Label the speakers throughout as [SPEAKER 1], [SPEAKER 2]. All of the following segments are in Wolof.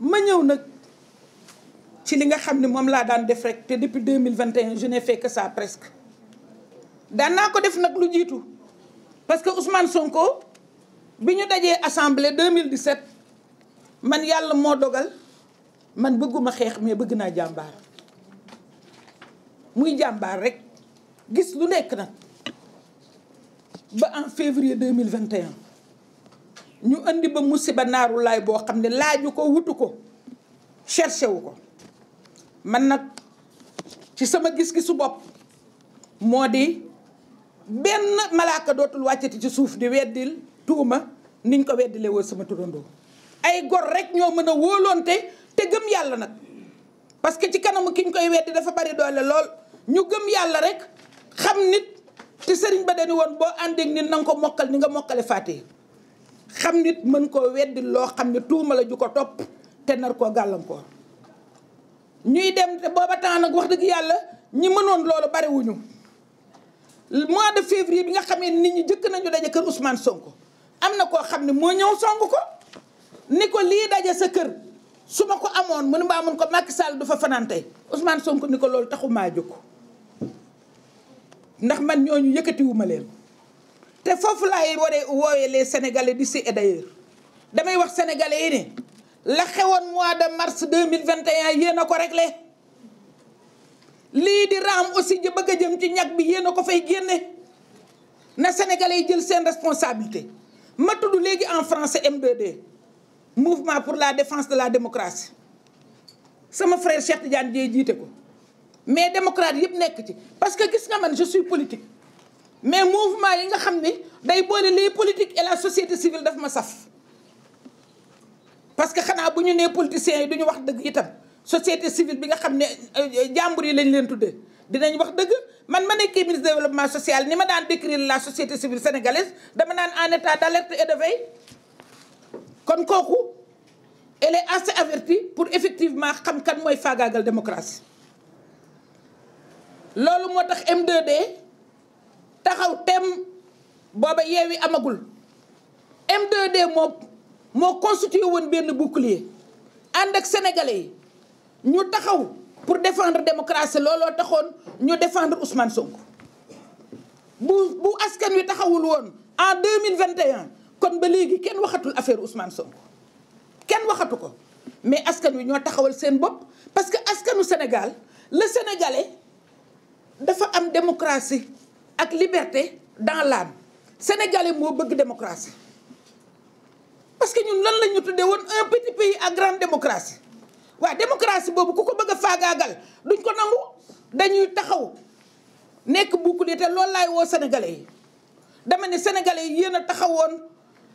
[SPEAKER 1] ma ñëw nag ci li nga xam ne moom laa daan def rek te depuis deux mille vingt et un je n'ai fait que presque daan naa ko def nag lu jiitu parce que Ousmane Sonko bi ñu dajee mille assemblée 2017 man yàlla moo dogal man bëgguma xeex mais bëgg naa jàmbaar muy jàmbaar rek gis lu nekk na ba en février 2021 ñu andi ba musiba naaru laay boo xam ne laaju ko wutu ko cherché wu ko man nag ci sama gis-gisu bopp moo di benn malaaka dootul wàccati ci suuf di weddil tuuma niñ ko weddile woon sama turandoo ay gor rek ñoo mën a wóoloonte te gëm yàlla nag parce que ci kanamu kiñ koy weddi dafa bari doole lool ñu gëm yàlla rek xam nit te sëriñ ba dañu woon boo àndeek nit na nga ko mokkal ni nga mokkale fàtte xam nit mën koo weddi loo xam ne tuuma la ju ko topp te nar koo gàllankoor ñuy dem te booba taanak wax dëgg yàlla ñi mënoon loolu bariwuñu mois de février bi nga xamee nit ñi jëkk nañu daje kër Ousmane Sonko am na koo xam ne moo ñëw song ko ni ko lii daje sa kër su ma ko amoon mu ne mbaa mun ko Macky Sall du fa fanaan tey Ousmane Sonko ni ko loolu taxu maa jóg ndax man ñooñu yëkkatiwuma leen. te foofu laay waree woowee les sénégalais d'ici et damay wax sénégalais yi ne la xewoon mois de mars deux mille vingt et un yéen a ko réglé lii di raam aussi ja bëgg a jëm ci ñag bi yéen a ko fay génne na sénégalais yi jël seen responsabilité ma tudd léegi en français M2D mouvement pour la défense de la démocratie sama frère Cheikh Tidiane Dièye jiite ko mais démocrate yëpp nekk ci parce que gis nga man je politique. mais mouvement yi nga xam ni day boole les politique et la société civile daf ma saf parce que xanaa bu ñu nee politiciens yi duñu wax dëgg itam société civile bi nga xam ne euh, jàmbur yi lañ leen tuddee dinañ wax dëgg man ma nekkee ministre développement social ni ma daan décrire la société civile sénégalaise dama naan en état d'alerte et de veille kon kooku elle est assez avertie pour effectivement xam kan mooy faagaagal démocratie loolu moo tax mdd taxaw tem booba yeewi amagul m 2 moo moo constitué woon benn bouclier ànd ak sénégalais yi ñu taxaw pour défendre démocratie looloo taxoon ñu defendre Ousmane Sonko bu bu askan wi taxawul woon en 2021 kon ba léegi kenn waxatul affaire Ousmane Sonko kenn waxatu ko mais askan wi ñoo taxawal seen bopp parce que askanu Sénégal le sénégalais dafa am démocratie ak liberté dans l'âme sénégalais moo bëgg démocratie parce que ñun lan la ñu tuddee woon un petit pays à grande démocratie waaw démocratie boobu ku ko bëgg a faagaagal duñ ko nangu dañuy taxaw nekk bouclier te loolu laay woo sénégalais yi dama ne sénégalais yi yéen a taxawoon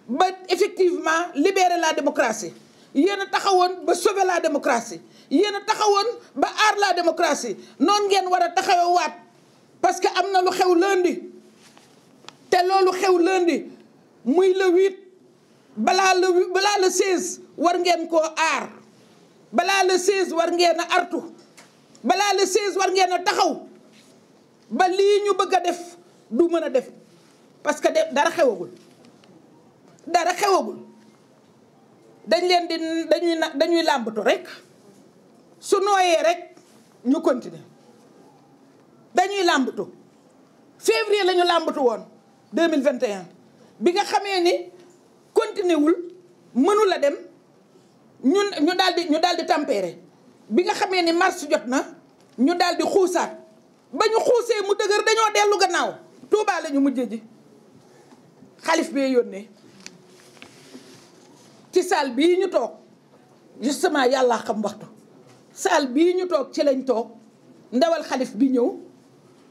[SPEAKER 1] ba effectivement libérer la démocratie yéen a taxawoon ba sauver la démocratie yéen a taxawoon ba aar la démocratie noonu ngeen war a taxawaat. parce que am na lu xew lundi te loolu xew lundi muy le huit balaa le balaa war ngeen koo aar balaa le seize war ngeen a artu balaa le seize war ngeen a taxaw ba lii ñu bëgg a def du mën a def parce que dara xewagul dara xewagul dañ leen di dañuy dañuy làmbatu rek su nooyee rek ñu continuer dañuy làmbatu février lañu ñu làmbatu woon 2021 bi nga xamee ni continué wul mënu la dem ñun ñu daal ñu daal di tempéré bi nga xamee ni mars jot na ñu daldi xuusaat ba ñu xuusee mu dëgër dañoo dellu gannaaw Touba la ñu mujjee ji xalif bee yónnee ci saal bii ñu toog justement yàlla xam waxtu saal bii ñu toog ci lañ toog ndawal xalif bi ñëw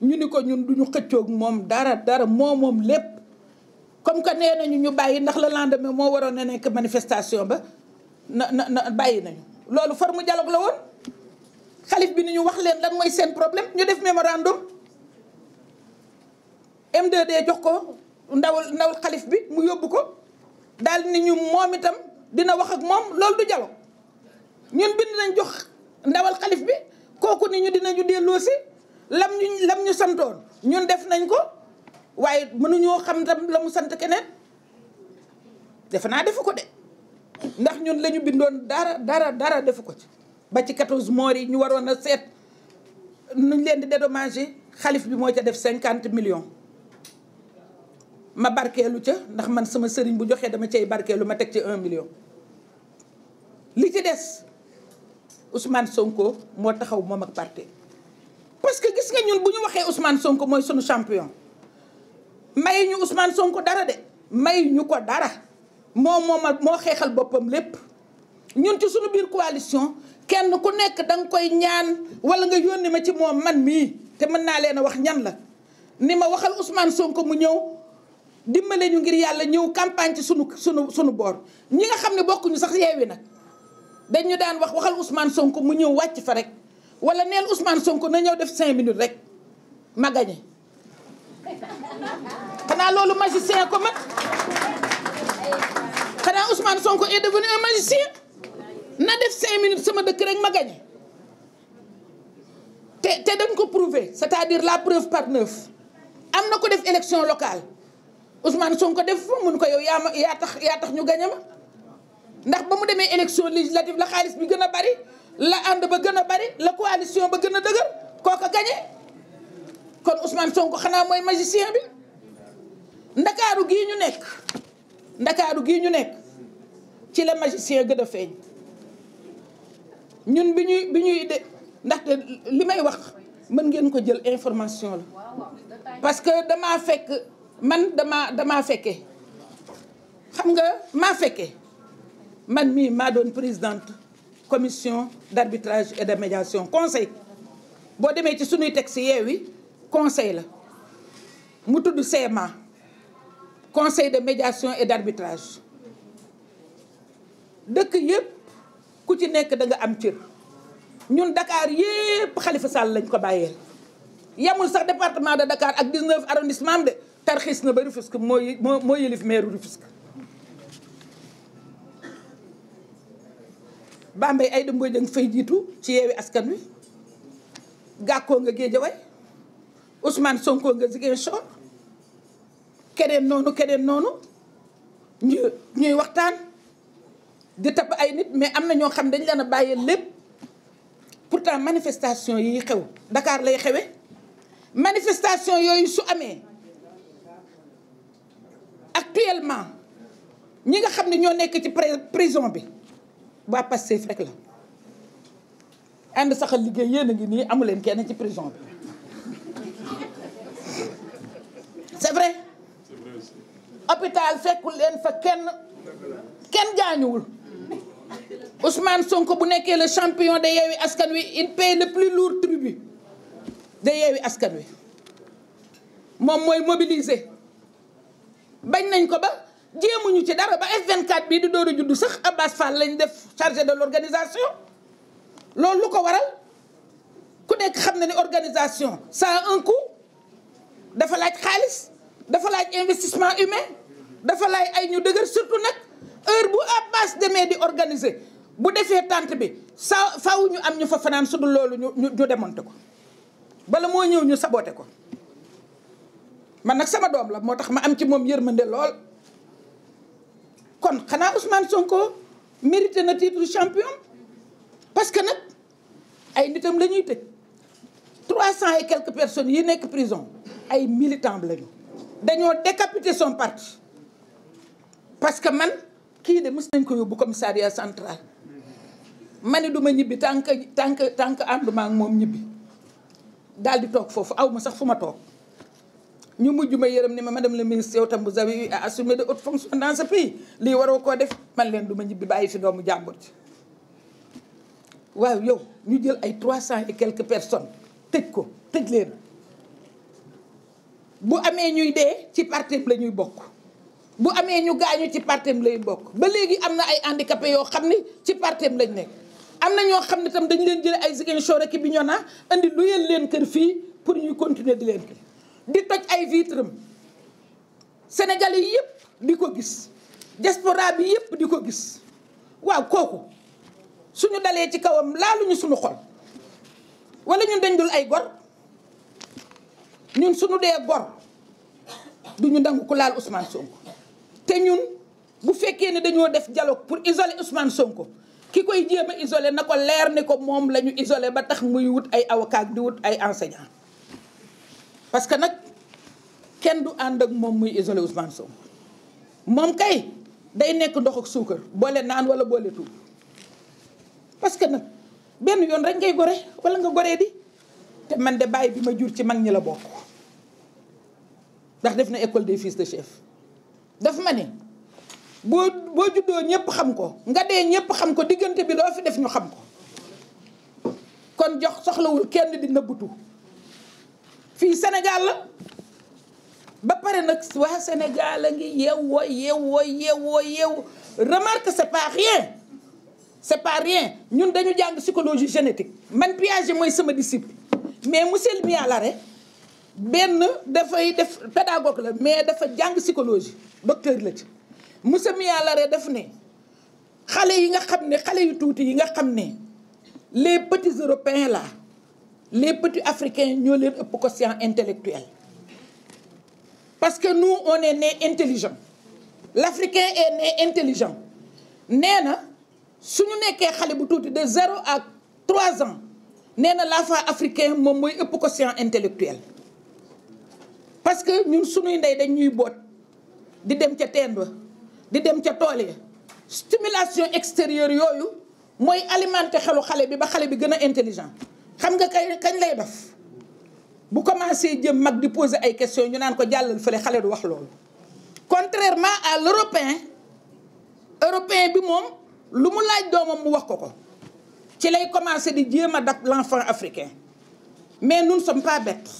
[SPEAKER 1] ñu ni ko ñun du ñu xëccoog moom dara dara moo moom lépp comme que nee nañu ñu bàyyi ndax la le lendemain moo waroon na nekk manifestation ba na na na bàyyi nañu loolu far mu dialogue la woon xalif bi ni ñu wax leen lan mooy seen problème ñu def mémorandum M2D jox ko ndawul ndawul xalif bi mu yóbbu ko daal ni ñu moom itam dina wax ak moom loolu du dialogue ñun bind nañ jox ndawal xalif bi kooku ni ñu dinañu delloosi lam ñu lam ñu santoon ñun def nañ ko waaye mënuñoo xam tam la mu sant keneen defe naa defu ko de ndax ñun lañu bindoon dara dara dara defu ko ci ba ci 14 morts yi ñu waroon a seet nuñ leen di dédommager xalif bi moo ca def cinquante million ma barkeelu ca ndax man sama sëriñ bu joxee dama cay barkeelu ma teg ci un million li ci des Ousmane Sonko moo taxaw moom ak parti parce que gis nga ñun bu ñu waxee Ousmane Sonko mooy sunu champion may ñu Ousmane Sonko dara de may ñu ko dara moom moo moo xeexal boppam lépp ñun ci sunu biir coalition kenn ku nekk da koy ñaan wala nga yónni ma ci moom man mii te mën naa leen a wax ñan la ni ma waxal Ousmane Sonko mu ñëw dimbale ñu ngir yàlla ñëw campagne ci sunu sunu sunu boor ñi nga xam ne bokkuñu sax yeewi nag dañ daan wax waxal Ousmane Sonko mu ñëw wàcc fa rek. wala neel Ousmane Sonko na ñëw def cinq minutes rek ma gagné xanaa loolu magicien ko man xanaa Ousmane Sonko est devenu un magicien na def cinq minutes sama dëkk rek ma gagné te te dañ ko prouver c'est-à-dire la preuve par neuf am na ko def élection locale Ousmane Sonko def fa mun ko yow yaa ma yaa tax yaa tax ñu gagné ma ndax ba mu demee élection législative la xaalis bi gën a bari la ànd ba gën a bari la coalition ba gën a dëgër kooka gañe kon Ousmane Sonko xanaa mooy magicien bi ndakaaru gii ñu nekk ndakaaru gii ñu nekk ci la magicien gën a feeñ ñun bi ñuy bi ñuy de ndaxte li may wax mën ngeen ko jël information la parce que damaa fekk man damaa damaa fekkee xam nga maa fekkee man mii maa doon présidente commission d'arbitrage et de médiation conseil boo demee ci suñuy texte Yewwi conseil la mu tudd CMA conseil de médiation et d'arbitrage dëkk yépp ku ci nekk da nga am cër ñun Dakar yépp Khalifa Sall lañ ko bàyyeel yamul sax département de Dakar ak 19 arrondissement de tarxis na ba Rufisque moo moo moo yëlif maire Rufisque Bambey Aïda Mbodj da nga fay jiitu ci yeewi askan wi gàkkoo nga Guédiawaye Ousmane Sonko nga Ziguinchor keneen noonu keneen noonu ñu ñuy waxtaan di tapp ay nit mais am na ñoo xam dañ leen a bàyyee lépp pourtant manifestation yi xew ndakaar lay xewe manifestation yooyu su amee actuellement ñi nga xam ne ñoo nekk ci prison bi waa Pastef rek la ànd saxal liggéey yéen a ngi nii amuleen kenn ci prison bi c'est vrai hôpital fekkul leen fa kenn kenn gaañuwul Ousmane Sonko bu nekkee le champion de Yewwi Askan Wi il paie le plus lourd bi de Yewwi Askan Wi moom mooy mobiliser bañ nañ ko ba ñu ci dara ba F24 bii di door a juddu sax Abbas Fall lañ def chargé de l'organisation loolu lu ko waral ku nekk xam na ne organisation saa un coût dafa laaj xaalis dafa laaj investissement humain dafa laaj ay ñu dëgër surtout nag heure bu Abbas demee di organiser bu defee tente bi saa faaw ñu am ñu fa fanaan su dul loolu ñu ñu démonté ko bala moo ñëw ñu saboté ko man nag sama doom la moo tax ma am ci moom yërmande lool. kon xanaa Ousmane Sonko mérité na titre champion parce que nag ay nitam lañuy ñuy tëj trois cent et personnes yi nekk prison ay militants lañu dañoo décapité son parti parce que man kii de mës nañ ko yóbbu commissariat central ma ne du ma ñibbi tànk tànk tànk ànduma ak moom ñibbi daal di toog foofu aw ma sax fu ma toog ñu mujj ma yërëm ni ma dem le ministre yow tam vous avez eu à assumer de hautes fonctions dans ce pays lii waroo koo def man leen du ma ñibbi bàyyi fi doomu jàmbur ci waaw yow ñu jël ay trois cent et quelques personnes tëj ko tëj leen bu amee ñuy dee ci parti la ñuy bokk bu amee ñu gaañu ci parti lay bokk ba léegi am na ay handicapés yoo xam ni ci parti lañ nekk am na ñoo xam ne tam dañ leen jël ay Ziguinchor ak Bignona andi luyal leen kër fii pour ñu continuer di leen kii di toj ay vitre am Sénégalais yi yëpp di ko gis diaspora bi yëpp di ko gis waaw kooku suñu dalee ci kawam laaluñu suñu xol wala ñun dañ dul ay gor ñun suñu dee gor duñu dangu ko laal Ousmane Sonko te ñun bu fekkee ne dañoo def dialogue pour isoler Ousmane Sonko ki koy jéem a isoler na ko leer ne ko moom la ñu isoler ba tax muy wut ay avocat di wut ay enseignant parce que nag kenn du ànd ak moom muy isolé Ousmane Sonko moom kay day nekk ndox ak suukar boole naan wala boole tuub parce que nag benn yoon rek ngay gore walla nga goree di te man de bàyyi bi ma jur ci mag ñi la bokk ndax def na école des fils de chef daf ma ne boo boo juddoo ñëpp xam ko nga dee ñëpp xam ko diggante bi doo fi def ñu xam ko kon jox soxlawul kenn di nëbbutu fii Sénégal la ba pare nag waa Sénégal a ngi yeewoo yeewoo yeewoo yeewoo remarque c'est pas rien c'est pas rien ñun dañu jàng psychologie génétique man Piaget mooy sama disciple mais mu monsieur Mialare benn dafay def pédagogue la mais dafa jàng psychologie docteur la ci museli monsieur Mialare daf ne xale yi nga xam ne xale yu tuuti yi nga xam ne les petits européens là les petits africain ñoo leen ëpp quotient intellectuel parce que nous on est né intelligent l'africain est né intelligent nee na su ñu nekkee xale bu tuuti de zéro à trois ans nee na l'enfant africain moom mooy ëpp quotient intellectuel parce que ñun suñuy ndey dañ ñuy boot di dem ca teen ba di dem ca tool ya stimulation extérieure yooyu mooy alimenter xelu xale bi ba xale bi gën a intelligent xam nga kay kañ lay def bu commencé jëm mag di poser ay question ñu naan ko jàllal fële xale du wax loolu contrairement à l'européen européen bi moom lu mu laaj doomam mu wax ko ko ci lay commencé di jéem a dab l'enfant africain mais nous ne sommes pas bêtes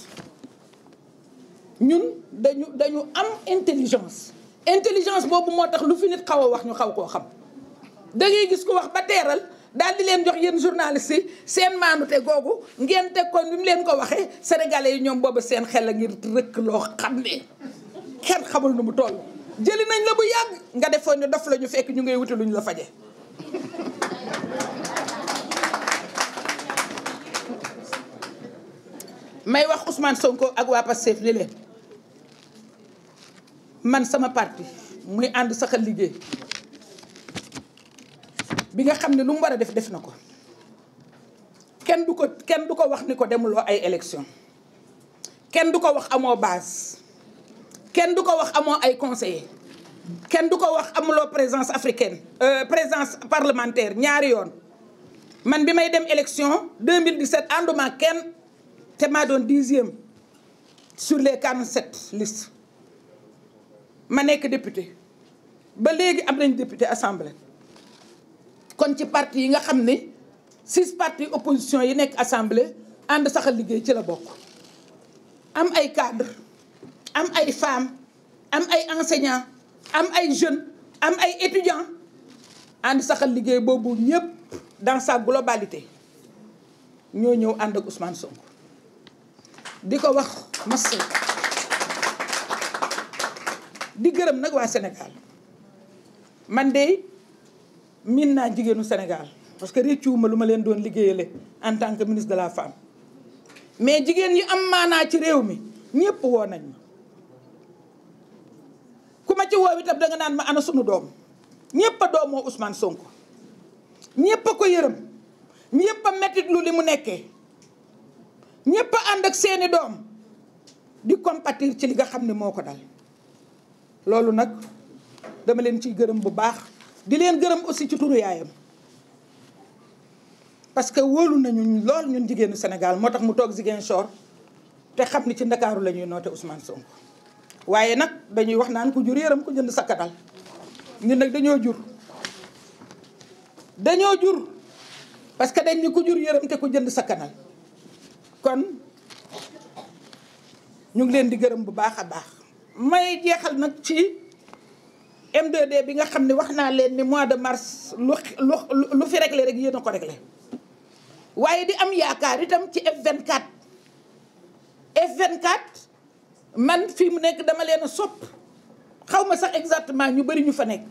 [SPEAKER 1] ñun dañu dañu am intelligence intelligence boobu moo tax lu fi nit xaw a wax ñu xaw koo xam da ngay gis ko wax ba teeral daal di leen jox yéen journaliste yi seen maanute googu ngeen teg ko ni mu leen ko waxee sénégalais yi ñoom boobu seen xel a ngir rëkk loo xam ne kenn xamul nu mu toll jëli nañ la bu yàgg nga defoon ñu dof la ñu fekk ñu ngay wuti lu ñu la faje may wax Ousmane Sonko ak waa Pastef li leen man sama parti muy ànd saxal liggéey bi nga xam ne lu mu war a def def na ko kenn du ko kenn du ko wax ni ko demuloo ay élection kenn du ko wax amoo baas kenn du ko wax amoo ay conseiller kenn du ko wax amuloo présence africaine euh, présence parlementaire ñaari yoon man bi may dem élection 2017 ànduma kenn te maa doon dixième sur les 47 listes ma nekk député ba léegi am nañ député assemblée kon ci parti yi nga xam ni six partis opposition yi nekk assemblée ànd saxal liggéey ci la bokk am ay cadre am ay femmes am ay enseignants am ay jeunes am ay étudiants ànd saxal liggéey boobu ñëpp dans sa globalité ñoo ñëw ànd ak Ousmane Sonko di ko wax mas di gërëm nag waa Sénégal man de miin naa jigéenu Sénégal parce que réccuwuma lu ma leen doon liggéeyale en tant que ministre de la femme mais jigéen yi am maanaa ci réew mi ñëpp woo nañ ma ku ma ci woo danga naan ma ana sunu doom ñëpp a doomoo Ousmane Sonko ñëpp a ko yërëm ñëpp a mettit lu li mu nekkee ñëpp a ànd seeni doom di compatir ci li nga xam ne moo ko dal loolu nag dama leen ciy gërëm bu baax di leen gërëm aussi ci turu yaayam parce que wóolu nañu lool ñun jigéenu senegal moo tax mu toog soor te xam ni ci Ndakaaru la ñuy noote Ousmane Sonko waaye nag dañuy wax naan ku jur yaram ku jënd sakkatal nag dañoo jur dañoo jur parce que dañ ni jur yërëm te ku jënd sakkanal kon ñu ngi leen di gërëm bu baax a baax may jeexal nag ci M2D bi nga xam ne wax naa leen ni mois de mars lu lu lu fi réglé rek yéen a ko réglé waaye di am yaakaar itam ci F24 F24 man fii mu nekk dama leen a sopp xaw ma sax exactement ñu bëri ñu fa nekk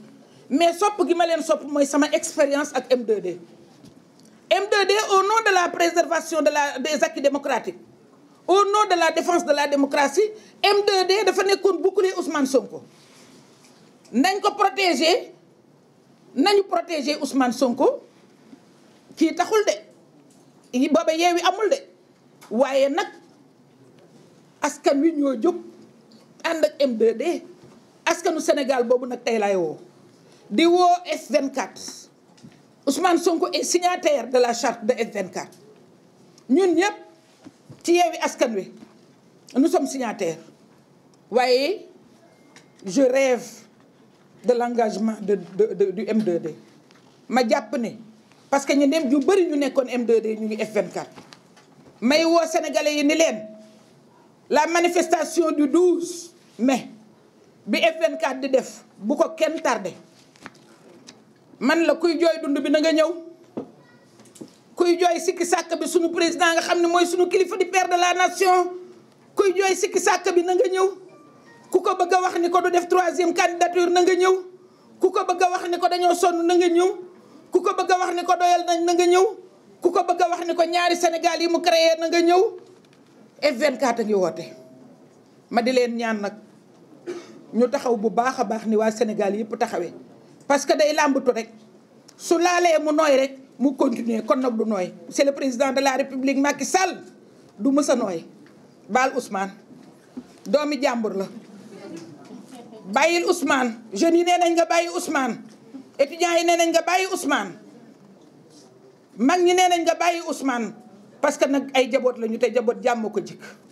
[SPEAKER 1] mais sopp gi ma leen sopp mooy sama expérience ak M2D m d au nom de la préservation de la des acquis démocratiques au nom de la défense de la démocratie M2D dafa nekkoon bouclier Ousmane ko nañ ko protéger nañu protégé Ousmane Sonko kii taxul de booba yeewi amul de waaye nag askan wi ñoo jóg ànd ak m askanu Sénégal boobu nag tey laay woo di woo S24 Ousmane Sonko est signataire de la charte de S24 ñun ñëpp ci yeewi askan wi nous som signataires waaye je de l'engagement de de de du m ma jàpp ne parce que ñu dem yu bëri ñu nekkoon m ñu ngi F24 may woo sénégalais yi ni leen la manifestation du 12 mais bi F24 di def bu ko kenn tardé man la kuy jooy dund bi na nga ñëw kuy jooy sikki sàkk bi suñu président nga xam ne mooy suñu kilifa di per de la nation kuy jooy sikki sàkk bi na nga ñëw. ku ko bëgg a wax ni ko du def troisième candidature na nga ñëw ku ko bëgg a wax ni ko dañoo sonn na nga ñëw ku ko bëgg a wax ni ko doyal nañ na nga ñëw ku ko bëgg a wax ni ko ñaari Sénégal yi mu créé na nga ñëw F24 a ngi woote ma di leen ñaan nag ñu taxaw bu baax a baax ni waa Sénégal yëpp taxawee parce que day làmbatu rek su laalee mu nooy rek mu continuer kon nag du nooy c'est le président de la République Macky Sall du mës a nooy baal Ousmane doomi jàmbur la bàyyil Ousmane jeunes yi nee nañ nga bàyyi Ousmane étudiants yi nee nañ ga bàyyi Ousmane mag ñi nee nañ nga bàyyi Ousmane parce que nag ay jaboot lañu te jaboot jàmm ko jikk